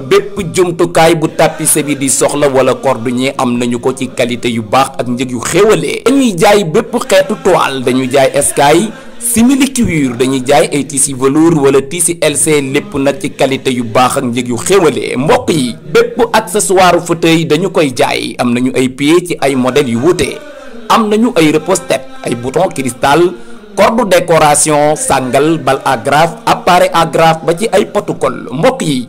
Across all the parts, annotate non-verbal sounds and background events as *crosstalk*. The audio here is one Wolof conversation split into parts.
bépp jumtukaay bu tapisse bi di soxla wala cordonnier am nañu ko ci qualité yu baax ak njëg yu xéwalee dañuy jaay bépp xeetu toile dañu jaay eskay simili cuir dañuy jaay ay tissu velours wala tissu LC lépp nag ci qualité yu baax ak njëg yu xéwale mbokk yi bépp accessoire fauteuil dañu koy jaay am nañu ay pieds ci ay modèles yu wuute am nañu ay repose-tête ay bouton cristal corde décoration sangal bal agrafe appareil agrafe ba ci ay protocole mbokk yi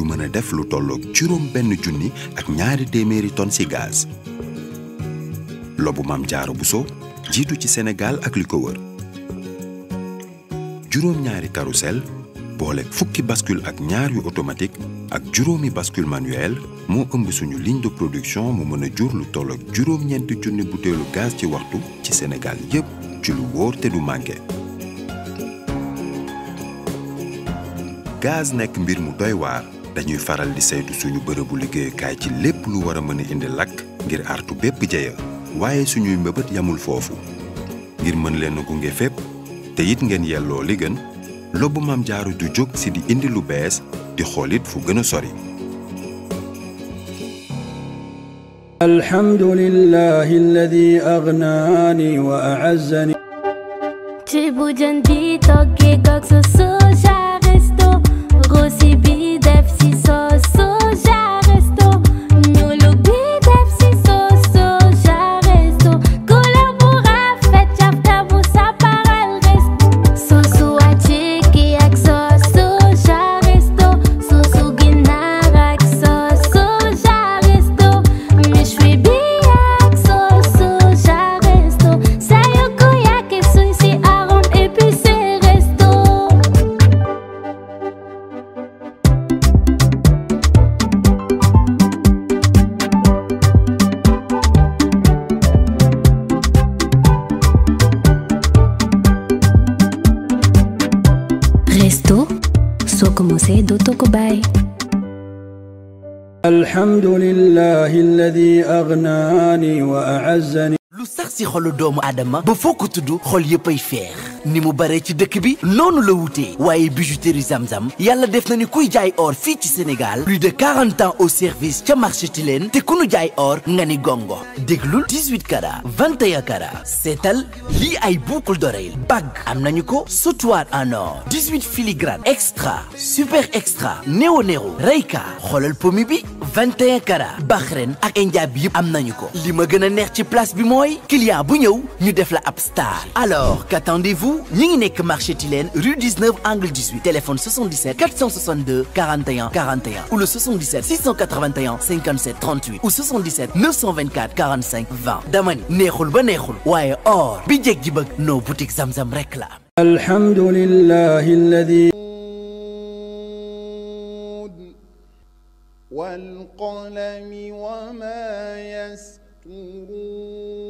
yu mën a def lu tolloog juróom junni ak ñaari téeméeri tonnes ci gaz. lobu maam jaaro Bousso jiitu ci senegal ak li ko wër juróom ñaari carrousel boole fukki baskul ak ñaar yu automatique ak juróomi baskul manuel moo ëmb suñu ligne de production mu mën a jur lu toll ak juróom-ñeenti junni butéelu gaz ci waxtu ci Sénégal yépp ci lu wóor te du manqué. gaz nekk mbir mu doy waar. dañuy faral di saytu suñu bërëbu liggéeyukaay ci lépp lu war a mën indi lakk ngir artu bépp jeya waaye suñuy mbëbët yamul foofu ngir mën leen a gunge fépp te it ngeen yelloo li gën lobbu maam jaaru ju jóg si di indi lu bees di xoolit fu gën a sori alhamdulillahi alladi agnaani wa a'azzani Baye alhamdulillahi alladi agnaani wa a'azzani lu sax ci xolu doomu aadama ba foo ko tudd xol yëpp ay feex ni mu bare ci dëkk bi noonu la wutee waaye bijouterie zamzam yàlla def na ni kuy jaay or fii ci Sénégal plus de 40 ans au service ca marché Tilène te ku nu jaay or nga ni gongo déglul 18 carats 21 carats seetal lii ay boucle d'oreille bag am nañu ko sautoir en or 18 filigrane extra super extra néo néo reyka xoolal pomi bi 21 carats Bahreïn ak India bi yëpp am nañu ko li ma gën a neex ci place bi mooy client bu ñëw ñu def la ab star alors qu'attendez-vous tout ñi ngi nekk marché Tilène rue 19 angle 18 téléphone 77 462 41 41 ou le 77 681 57 38 ou 77 924 45 20 dama ni neexul ba neexul waaye or bi jeg ji bëgg noo boutique Zamzam rek la alhamdulillahi alladhi wal qalami wa ma yasturuun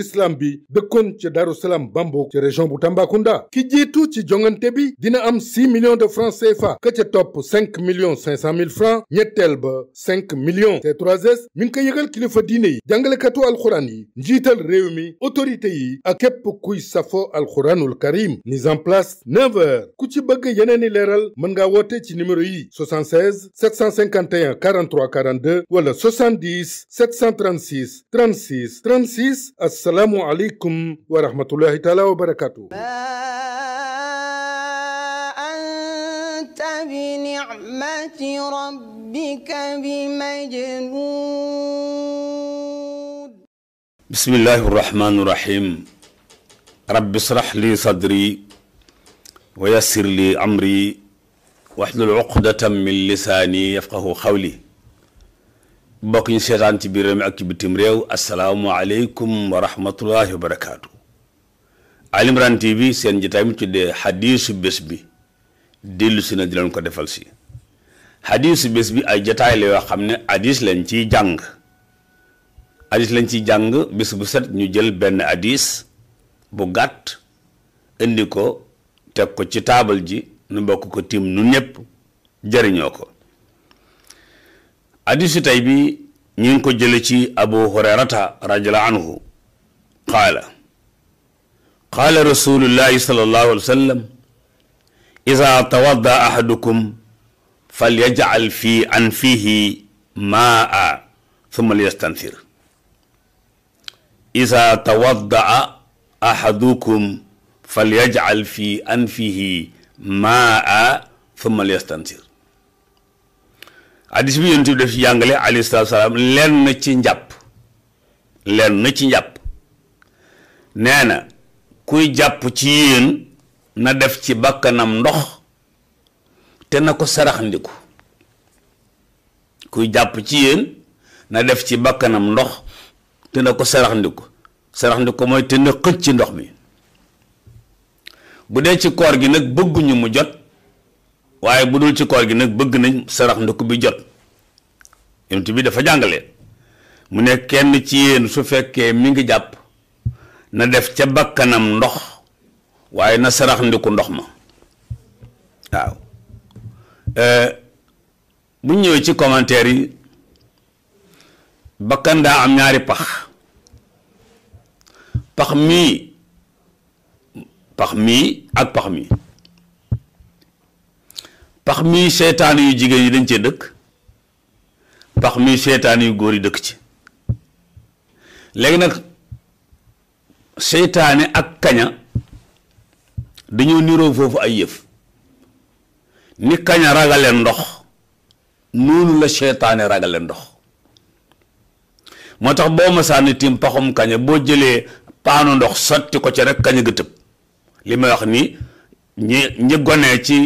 l'islam bi dëkkoon ci Daaru Salaam Bambok ca région bu Tambacounda ki jiitu ci jongante bi dina am 6 million de francs CFA ka ca topp 5 millions 500 mille francs ñetteel ba 5 millions C3S mi ngi ko yëgal kilifa diine yi jàngalekatu alxuraan njiital réew mi autorité yi ak képp kuy safo alxuraanul karim mise en place 9 heures ku ci bëgg yeneeni leeral mën ngaa woote ci numéro yi 76 751 43 42 wala 70 736 36 36 ak asalaamu aleykum wa rahmatullahi taala wa barakaatu. بنعمة ربك بمجنون بسم الله الرحمن الرحيم رب اشرح لي صدري ويسر لي أمري واحلل عقدة من لساني يفقه قولي mbokk ñu seetaan ci biir réew mi ak ci réew asalaamualeykum wa rahmatullahi wa barakaatu. Ali Imran TV seen jotaay mi tuddee bi dellu si na di ko defal si xadiisu bés bi ay jotaay la yoo xam ne hadis lañ ciy jàng hadis lañ ciy jàng bés bu set ñu jël benn hadis bu gàtt indi ko teg ko ci taabal ji nu bokk ko tiim nu ñëpp jëriñoo ko hadisu tey bi ñu ngi ko jële ci abu hurairata radiallahu anhu qaala qaala rasulullahi sallallahu alayhi wa sallam ida tawadda ahadukum falyajcal fi anfihi maa thumma liyastanthir ida tawaddaa ahadukum falyajcal fi anfihi maa thumma liyastanthir addis bi yonent bi def ci jàngale alayhi salaatu salaam lenn ci njàpp lenn ci njàpp nee na kuy jàpp ci yéen na def ci bakkanam ndox te na ko saraxndiku kuy jàpp ci yéen na def ci bakkanam ndox te na ko saraxndiku saraxndiku mooy te na xëcc ci ndox bi bu dee ci koor gi nag bëgguñu mu jot waaye bu dul ci koor gi nag bëgg nañ sarax ndëkk bi jot yonent dafa jàngale mu ne kenn ci yéen su fekkee mi ngi jàpp na def ca bakkanam ndox waaye na sarax ndiku ndox ma waaw euh, bu ñëwee ci commentaire yi bakkan daa am ñaari pax pax mii pax mii ak pax mii pax mi seetaan yu jigéen yi dañ see dëkk pax mi seetaan yu góor yi dëkk ci léegi nag seytaane ak kaña dañoo niroo foofu ay yëf ni kaña ragale ndox noonu la seytaane ragale ndox moo tax boo masaani tiim paxum kaña boo jëlee paanu ndox sotti ko ci rek kaña ga li may wax ni ñi ñi gone ci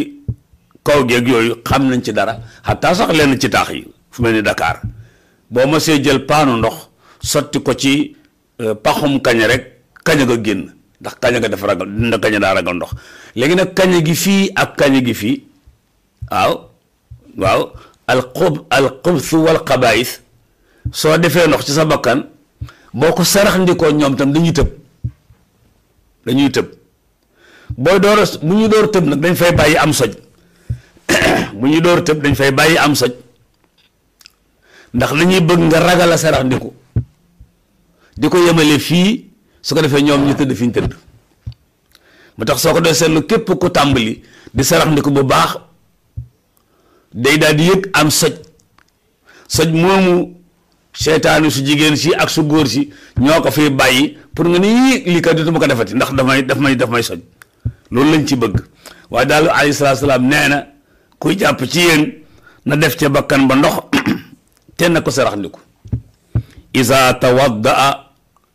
kaw geeg yooyu xam nañ ci dara xataa sax ci taax yi fu mel ni dakaar boo ma see jël paanu ndox sotti ko ci euh, paxum kaña rek kaña ga génn ndax kaña ga dafa ragal dina kaña daa ragal ndox léegi nag kaña gi fii ak kaña gi fii waaw waaw alxub alxubsu wal xabaayis soo defee ndox ci sa bakkan boo ko sarax ndikoo ñoom tam dañuy tëb dañuy tëb boo door bu ñuy door tëb nag dañ fay bàyyi am soj bu ñu door tëb dañ fay bàyyi am soj ndax dañuy bëgg nga ragal a sarax ndiku di ko yemale fii su ko defee ñoom ñu tëdd fi ñu tëdd mu tax soo ko dee seetlu képp ko tàmbali di sarax ndiku bu baax day daal di yëg am soj soj moomu seetaanu su jigéen si ak su góor si ñoo ko fi bàyyi pour nga ni lii kat dootuma ko defati ndax daf may daf may daf may soj loolu lañ ci bëgg waaye daal alayhi salaam nee na kuy jàpp ci na def ca bakkan ba ndox *clears throat* te na ko saraxndiku iza tawaddaa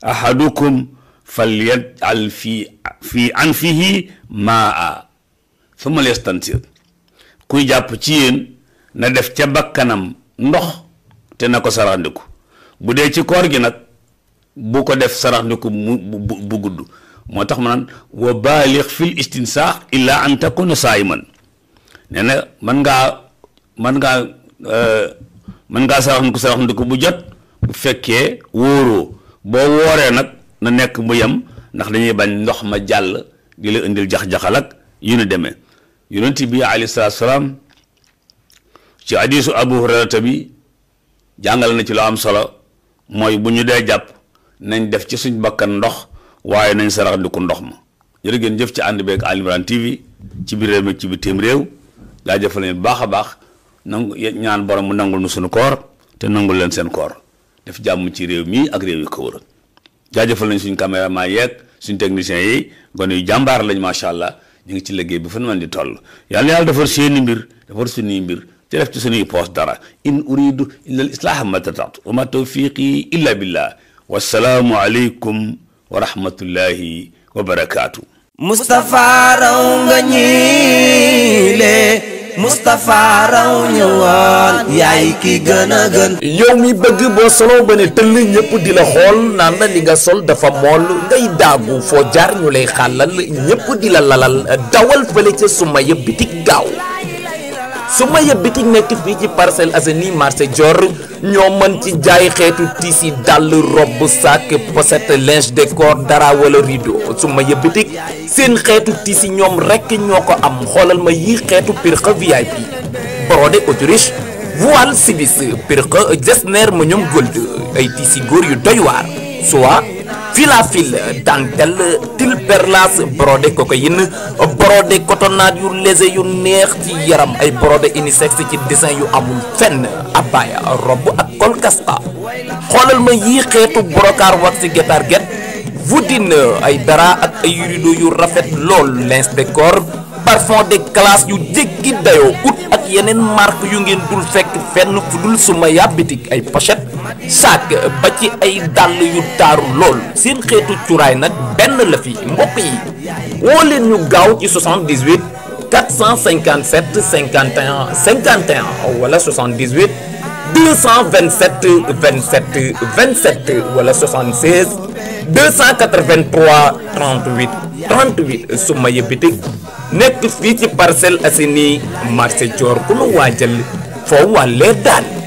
ahadukum falyajal fi fi anfihi maa thumma liyastansir kuy jàpp ci yéen na def ca bakkanam ndox te na ko saraxndiku bu dee ci koor gi nag bu ko def saraxndiku mu bu gudd moo tax ma naan wa baalix fil istinsaax illa an takuna saayiman nee na mën ngaa mën ngaa euh, mën ngaa saraxandiku saraxandiku bu jot bu fekkee wóoroo boo wooree nag na nekk mu yem ndax dañuy bañ ndox ma jàll di la indil jax-jaxal ak yu nu demee yonent bi alayhi salaatu salaam ci hadiisu Abu Hurayrata bi jàngale na ci lu am solo mooy bu ñu dee jàpp nañ def ci suñ bakkan ndox waaye nañ saraxandiku ndox ma jërë ngeen jëf ci ànd beeg Ali Imran TV ci biir réew ci bitim réew daa jëfal leen baax a baax nangu ñaan borom mu nangul nu suñu koor te nangul leen seen koor def jàmm ci réew mii ak réew yi ko wër jaajëfal nañ suñ caméraman yeeg suñ techniciens yi gone yu jàmbaar lañ macha allah ñu ngi ci liggéey bi fan man di toll yàlla na yàlla defar seeni mbir defar suñuy mbir te def ci suñuy poos dara in uridu illa al islaha ma tataatu wa ma tawfiqi illa billah wassalaamu aleykum wa rahmatullahi wa barakaatu. Moustapha raw nga ñiile Moustapha raw ñëwoon yaay ki gën a gën. yow mi bëgg boo solo ba ne tëll ñëpp di la xool naan nga sol dafa mool ngay daagu foo jaar ñu lay xàllal ñëpp di la lalal dawal fële ca suma yëpp bitik gaaw. su ma yëb bitig nekk fii ci parcelle Assainies marché Dior ñoo mën ci jaay xeetu tissu dàll robe sac pochette linge de corps dara wala rideau su ma yëb bitig seen xeetu tissu ñoom rekk ñoo ko am xoolal ma yi xeetu pirxa VIP brodé autriche voile sivis pirxa neer ma ñoom gold ay tissu góor yu doy waar soit Filafil dentelle til perlas brodé cocaïne brodé cotonnade yu léger yu neex ci yaram ay brodé unisex ci dessin yu amul fenn abaya robb ak kolkasta xoolal ma yii xeetu brocart wax ci gétar get voudine ay dara ak ay rideau yu rafet lool linspecteur parfum de classe yu jéggi dayoo ut ak yeneen marque yu ngeen dul fekk fenn fu suma yàbbitik ay pochette sac ba ci ay dàll yu taaru lool seen xeetu cuuraay nag benn la fi mbokk yi woo leen ñu gaaw ci 78 457 51 51 wala 78 227 27 27 wala 76 283 38 38 suma ya bitig nekk fii ci Parcelles Assainies marché Dior ku la waajal foo wàllee daal